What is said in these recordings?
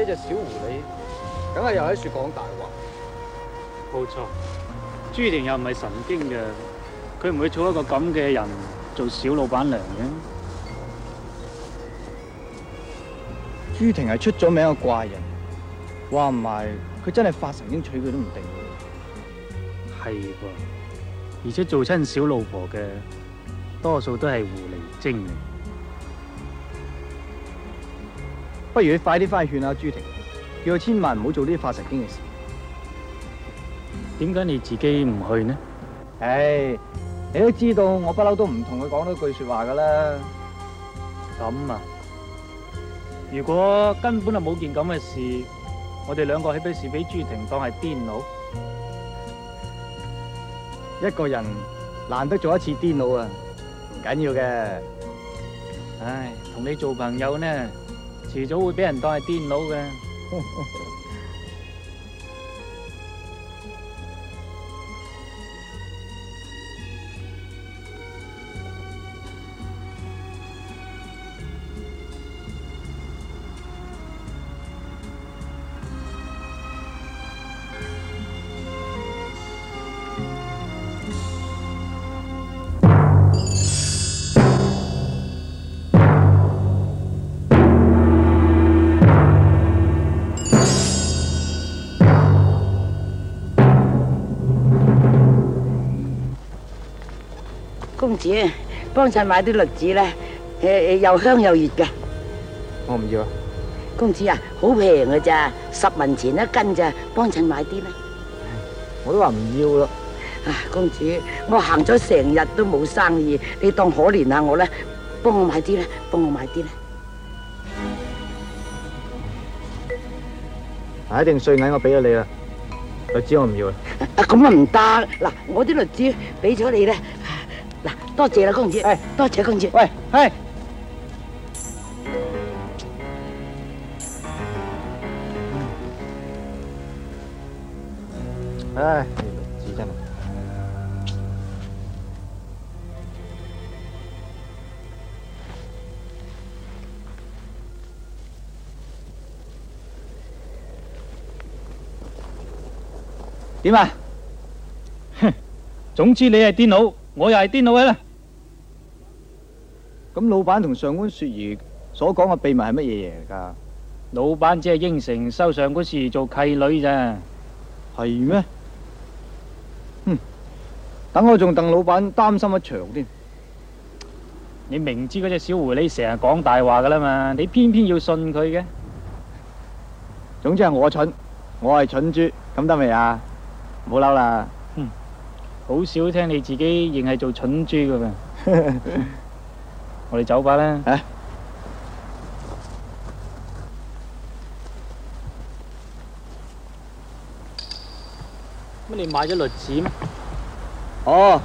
呢隻小狐狸，梗係又喺處講大話。冇錯，朱婷又唔係神經嘅，佢唔會做一個咁嘅人做小老闆娘嘅。朱婷係出咗名嘅怪人，話唔埋，佢真係發神經娶佢都唔定。係啩？而且做親小老婆嘅，多數都係狐狸精靈。不如你快啲翻去勸阿朱婷，叫佢千萬唔好做呢啲發神經嘅事。點解你自己唔去呢？唉，hey，你都知道我都不，我不嬲都唔同佢講多句說話噶啦。咁啊，如果根本就冇件咁嘅事，我哋兩個豈不是俾朱婷當係癲佬？一個人難得做一次癲佬啊，唔緊要嘅。唉，同你做朋友呢？遲早會俾人當係癲佬嘅。公子幫襯買啲栗子咧，誒誒又香又熱嘅。我唔要啊。公子啊，好平㗎咋，十文錢一斤咋，幫襯買啲咧。我都話唔要咯。啊，公子，我行咗成日都冇生意，你當可憐下我咧，幫我買啲咧，幫我買啲咧。一定碎銀我俾咗你啦，栗子我唔要啦。咁啊唔得，嗱，我啲栗子俾咗你咧。多謝啦，公姐。多謝公姐。喂，哎，哎，點啊？總之你係癲佬，我又係癲佬啦。咁老闆同上官雪兒所講嘅秘密係乜嘢嘢嚟噶？老闆只係應承收上官雪兒做契女咋。係咩嗎？嗯，等我仲替老闆擔心一場添。你明知嗰隻小狐狸成日講大話噶啦嘛，你偏偏要信佢嘅。總之係我蠢，我係蠢豬，咁得未啊？唔好嬲啦。嗯，好少聽你自己認係做蠢豬噶嘛。 我哋走吧啦！乜？你買咗栗子？哦，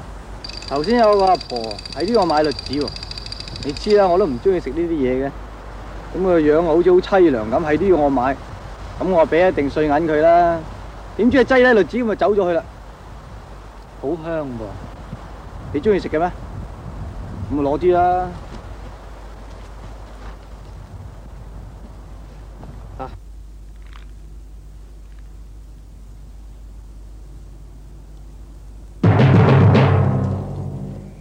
頭先有個阿婆喺呢度我買栗子喎。你知啦，我都唔中意食呢啲嘢嘅。咁佢樣好似好淒涼咁，喺呢度我買，咁我俾一定碎銀佢啦。點知擠低栗子咪走咗去啦。好香噃，你中意食嘅咩？咁啊攞啲啦。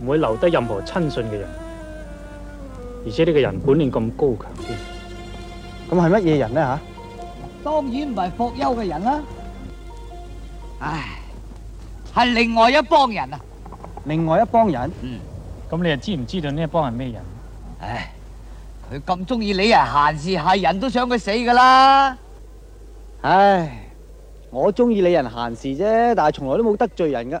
唔會留低任何親信嘅人，而且呢個人本領咁高強啲，咁係乜嘢人呢吓？當然唔係霍丘嘅人啦，唉，係另外一幫人啊！另外一幫人，嗯，咁你又知唔知道呢一幫係咩人？唉，佢咁中意理人閒事，係人都想佢死噶啦！唉，我中意理人閒事啫，但係從來都冇得罪人噶。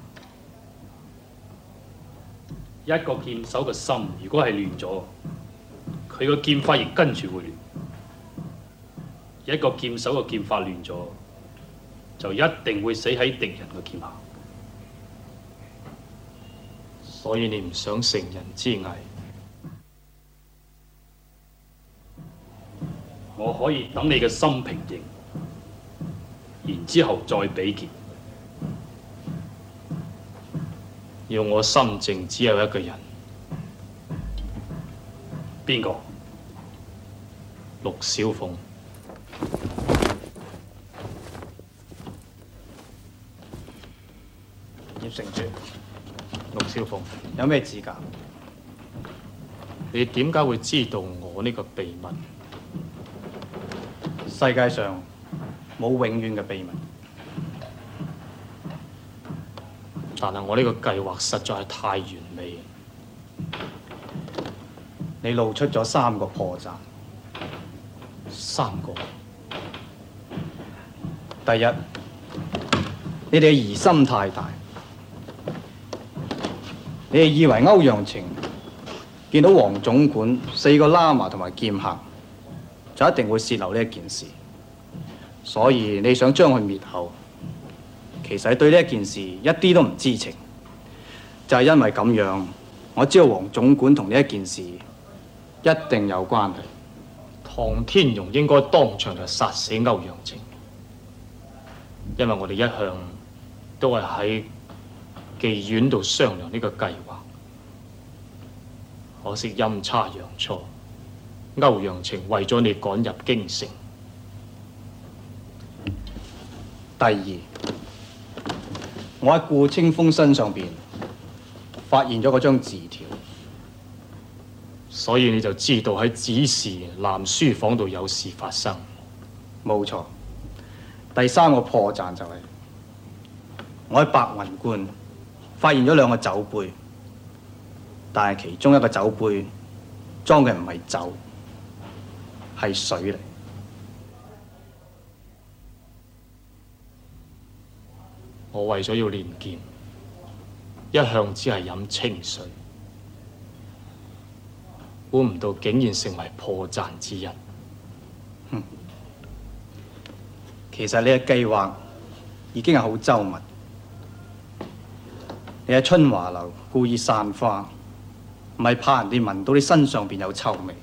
一個劍手嘅心，如果係亂咗，佢個劍法亦跟住會亂。一個劍手嘅劍法亂咗，就一定會死喺敵人嘅劍下。所以你唔想成人之危，我可以等你嘅心平靜，然之後再比劍。要我心靜，只有一個人，邊個？陸小鳳、葉成主、陸小鳳有咩指教？你點解會知道我呢個秘密？世界上冇永遠嘅秘密。但係我呢個計劃實在係太完美，你露出咗三個破綻，三個。第一，你哋嘅疑心太大，你哋以為歐陽晴見到黃總管四個喇嘛同埋劍客，就一定會洩漏呢一件事，所以你想將佢滅口。其實對呢一件事一啲都唔知情，就係因為咁樣，我知道黃總管同呢一件事一定有關嘅。唐天榮應該當場就殺死歐陽晴，因為我哋一向都係喺妓院度商量呢個計劃，可惜陰差陽錯，歐陽晴為咗你趕入京城。第二。我喺顧清風身上邊發現咗嗰張字條，所以你就知道喺指示南書房度有事發生。冇錯，第三個破綻就係、是、我喺白雲觀發現咗兩個酒杯，但係其中一個酒杯裝嘅唔係酒，係水嚟。我為咗要練劍，一向只係飲清水，估唔到竟然成為破綻之一。其實你嘅計劃已經係好周密，你喺春華樓故意散花，唔係怕人哋聞到你身上邊有臭味，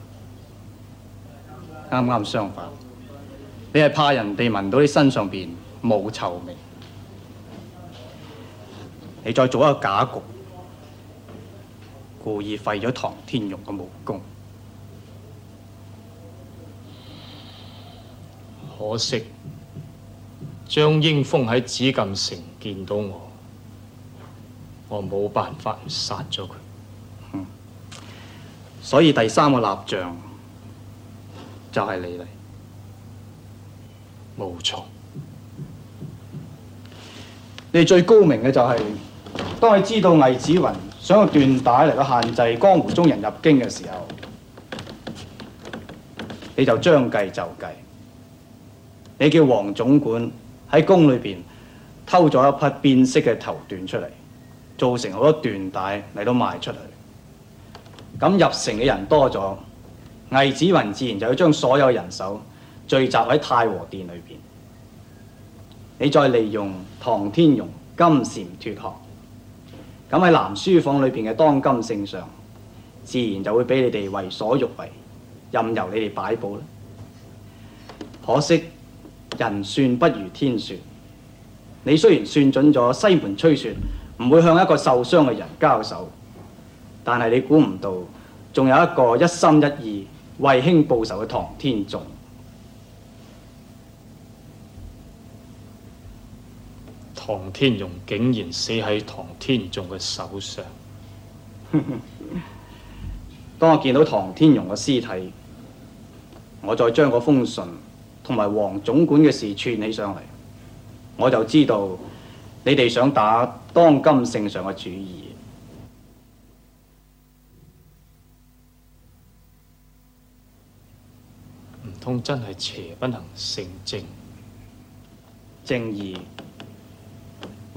啱啱相反，你係怕人哋聞到你身上邊冇臭味。你再做一個假局，故意廢咗唐天玉嘅武功。可惜張英峰喺紫禁城見到我，我冇辦法殺咗佢。所以第三個蠟像就係你嚟，冇錯。你最高明嘅就係。當你知道魏子云想用緞帶嚟到限制江湖中人入京嘅時候，你就將計就計，你叫黃總管喺宮裏邊偷咗一匹變色嘅頭緞出嚟，造成好多緞帶嚟到賣出去。咁入城嘅人多咗，魏子雲自然就要將所有人手聚集喺太和殿裏邊，你再利用唐天榮金蟬脫殼。咁喺南書房裏邊嘅當今聖上，自然就會俾你哋為所欲為，任由你哋擺佈啦。可惜人算不如天算，你雖然算準咗西門吹雪唔會向一個受傷嘅人交手，但係你估唔到，仲有一個一心一意為兄報仇嘅唐天仲。唐天容竟然死喺唐天仲嘅手上。 當我見到唐天容嘅屍體，我再將個封信同埋黃總管嘅事串起上嚟，我就知道你哋想打當今聖上嘅主意。唔通真係邪不能勝正？正義。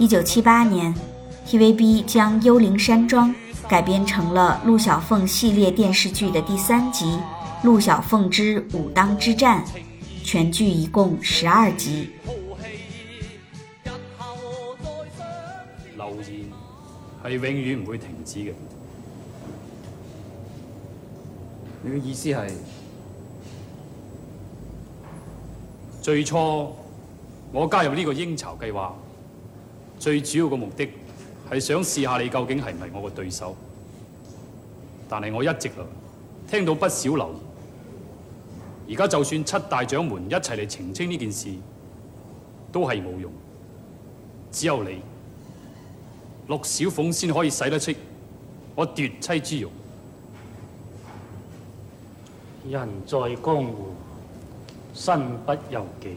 一九七八年，TVB 將《幽靈山莊》改編成了《陸小鳳》系列電視劇的第三集《陸小鳳之武當之戰》，全劇一共十二集。流言，係永遠唔會停止嘅。你嘅意思係，最初我加入呢個應酬計劃。最主要嘅目的係想試下你究竟係唔係我嘅對手，但係我一直嚟聽到不少流言。而家就算七大掌門一齊嚟澄清呢件事，都係冇用。只有你陸小鳳先可以使得出我奪妻之慾。人在江湖，身不由己，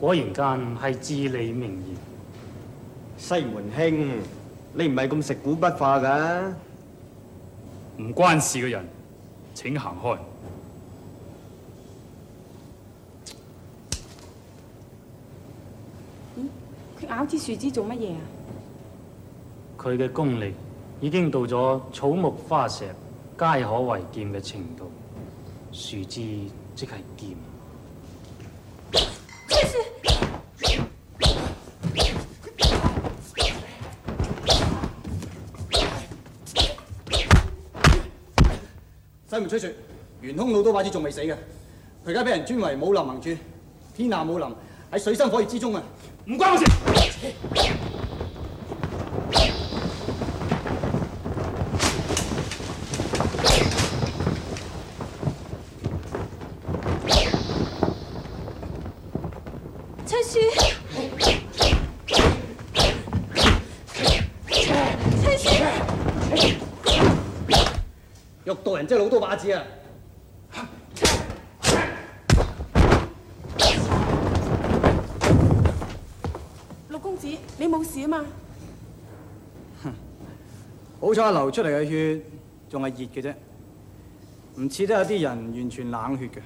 果然間係至理名言。西門兄，你唔係咁食古不化噶。唔關事嘅人，請行開。嗯，佢咬支樹枝做乜嘢啊？佢嘅功力已經到咗草木花石皆可為劍嘅程度，樹枝即係劍。吹唔吹雪？袁空老都話子仲未死嘅，佢而家俾人尊為武林盟主，天下武林喺水深火熱之中啊！唔關我事。真係老多把子啊！六公子，你冇事啊嘛？好彩流出嚟嘅血仲係熱嘅啫，唔似得有啲人完全冷血嘅。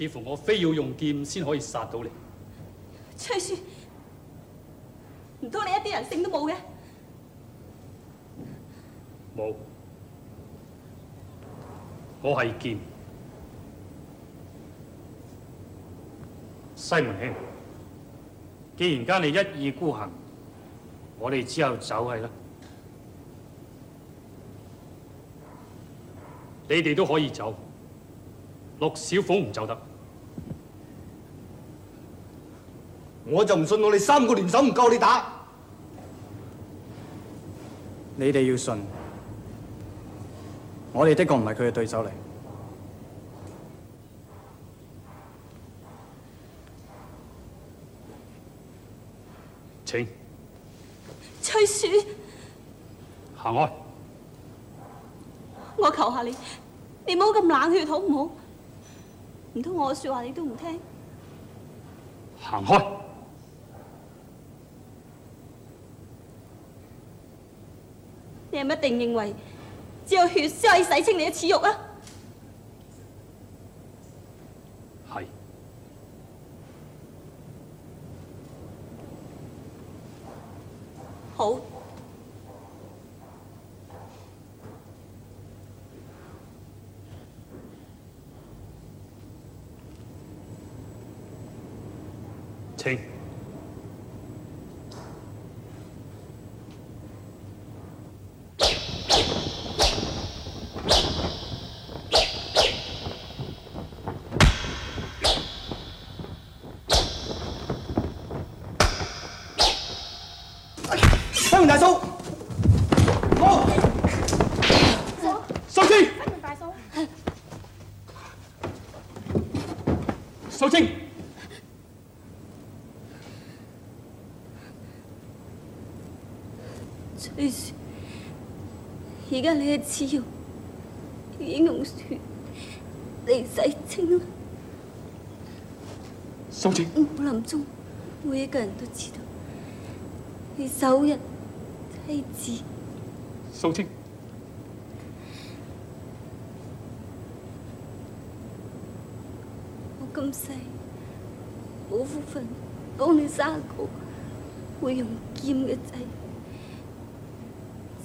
似乎我非要用劍先可以殺到你，吹雪，唔通你一啲人性都冇嘅？冇，我係劍。西門兄，既然家你一意孤行，我哋之後走係啦。你哋都可以走，陸小鳳唔走得。我就唔信我哋三個聯手唔夠你打。你哋要信，我哋的確唔係佢嘅對手嚟。請翠雪行開，我求下你，你唔好咁冷血好唔好？唔通我嘅說話你都唔聽？行開。你係唔係一定認為只有血先可以洗清你嘅恥辱啊？係。好。而家你嘅恥辱已經用血嚟洗清啦，秀清。武林中每一個人都知道，你手刃妻子，秀清。我今世冇福份幫你生個，會用劍嘅仔，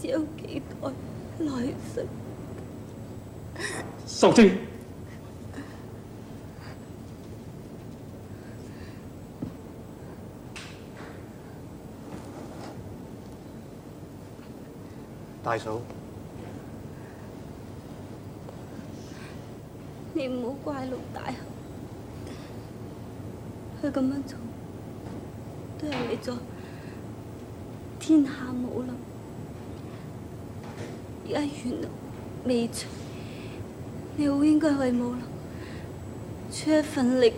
只有幾代。老實。宋青，大嫂，你唔好怪老大，佢咁樣做，都係為咗天下武林。而阿元啊未出，你好應該去武龍出一份力。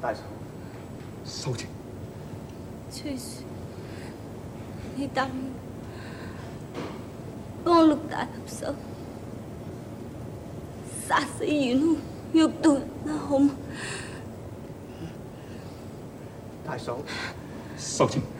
大嫂收錢。崔叔，你等，幫我六大合手，殺死元虎、玉兔、阿紅，好冇？大嫂收錢。